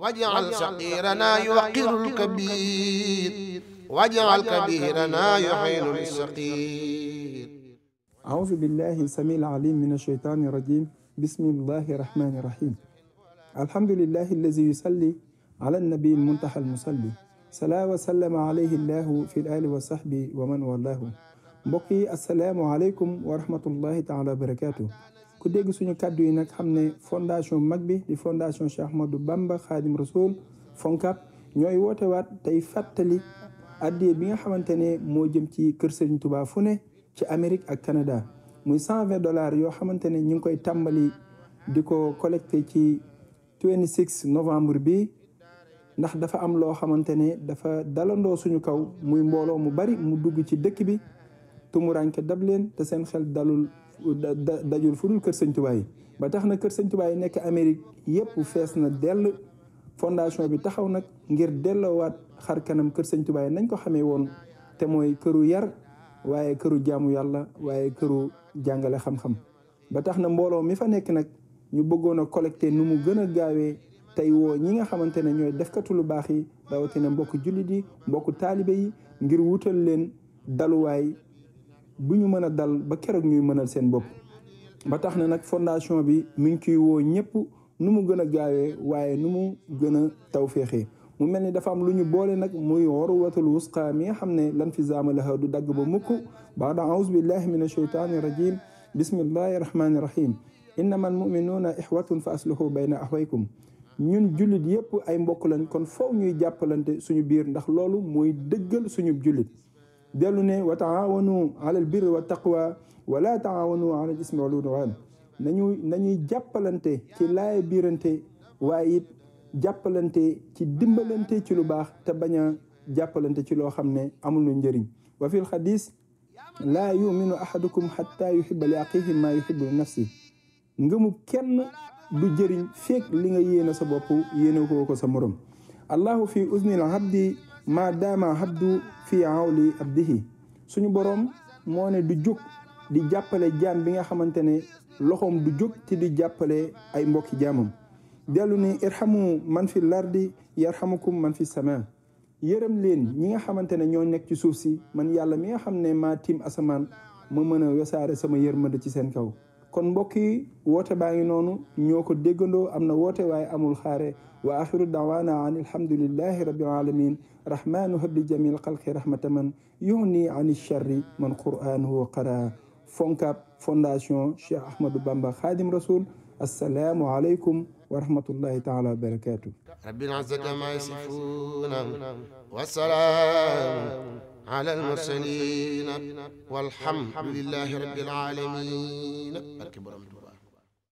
واجعل صغيرنا يوقر الكبير واجعل كبيرنا يحيل الصغير أعوذ بالله السميع العليم من الشيطان الرجيم بسم الله الرحمن الرحيم الحمد لله الذي يصلي على النبي المنتحى المصلي صلاة وسلم عليه الله في الآل وصحبه ومن والاه بقي السلام عليكم ورحمة الله تعالى وبركاته ku dégg suñu kàddu yi nag xam ne fondation mag bi di fondation Cheikh Ahmadou Bamba Khadim Rasoul FONCAB ñooy woote waat tey fàttali addi bi nga xamante ne moo jëm ci kër Serigne tubaab fu ne ci Amérique ak Canada muy cent vingt dollars yoo xamante ne ñu ngi koy tàmbali di ko collecté ci 26 novembre bi ndax dafa am loo xamante ne dafa dalandoo suñu kaw muy mbooloo mu bari mu dugg ci dëkk bi tumuranke dab leen te seen xel dalul dajul fu dul kër sëñ ba tax na kër sëñ yi nekk Amérique yëpp fees na dell fondation bi taxaw nag ngir delloowaat xar kanam kër sëñ nañ ko xamee woon te mooy këru yar waaye këru jaamu yàlla waaye këru jàngale xam-xam ba tax na mbooloo mi fa nekk nag ñu bëggoon a collecté nu mu gën a gaawee tey woo ñi nga xamante ne ñooy defkatu lu baax yi rawatina mbokk jullit yi mbokk taalibe yi ngir wutal leen daluwaay buñu mëna dal ba keroog ñuy mënal seen bop ba tax na nag fondation bi mi ngi ciy wo ñëpp nu mu gëna gaawé waye nu mu gëna a mu melni dafa am lu ñu boole nak muy watul wusqa mi xamne lan fi zaama laha du dag ba mukk ba da auzu billahi minash shaitani rajim bismillahir rahmanir rahim انما المؤمنون اخوه فاصلحوا بين اخويكم axwaykum ñun jullit yëpp ay mbokk lañ kon foofu ñuy jàppalante suñu biir ndax loolu mooy dëggal suñu jullit قالوا نه وتعاونوا على البر والتقوى ولا تعاونوا على الاسم والعدوان نانيو نانيو جابالانتي كي لاي بيرانتي وايت جابالانتي كي ديمبالانتي تي لو باخ تا باغنا جابالانتي تي لو خامني امول نو نجيرين وفي الحديث لا يؤمن احدكم حتى يحب لاخيه ما يحب لنفسه ngëmu kenn du jëriñ feek li nga yéene sa bopp yéene ko ko sa morom allahu fi usni al abdi ma dama habdu fi awli abdihi suñu boroom moo ne du jóg di jàppale jaam bi nga xamante ne loxoom du jóg te di jàppale ay mbokki jaamam dellu ni irhamu man fi lardi yarhamukum man fi sama yërëm leen ñi nga xamante ne ñoo nekk ci suuf si man yàlla mi nga xam ne maa tiim asamaan ma mën a wesaare sama yërmande ci seen kaw kon mbokki wote woote baa ngi noonu ñoo ko déggandoo am na woote waaye amul xaare wa axiru dawana an alhamdulillahi rabbil alamin rahmanu habli jamil xalqi rahmataman yuni ani charri man qur'anuhu qara fonkab fondation cheikh ahmadou bamba khadim rasoul السلام عليكم ورحمة الله تعالى وبركاته رب العزة ما يصفون والسلام على المرسلين والحمد لله رب العالمين أكبر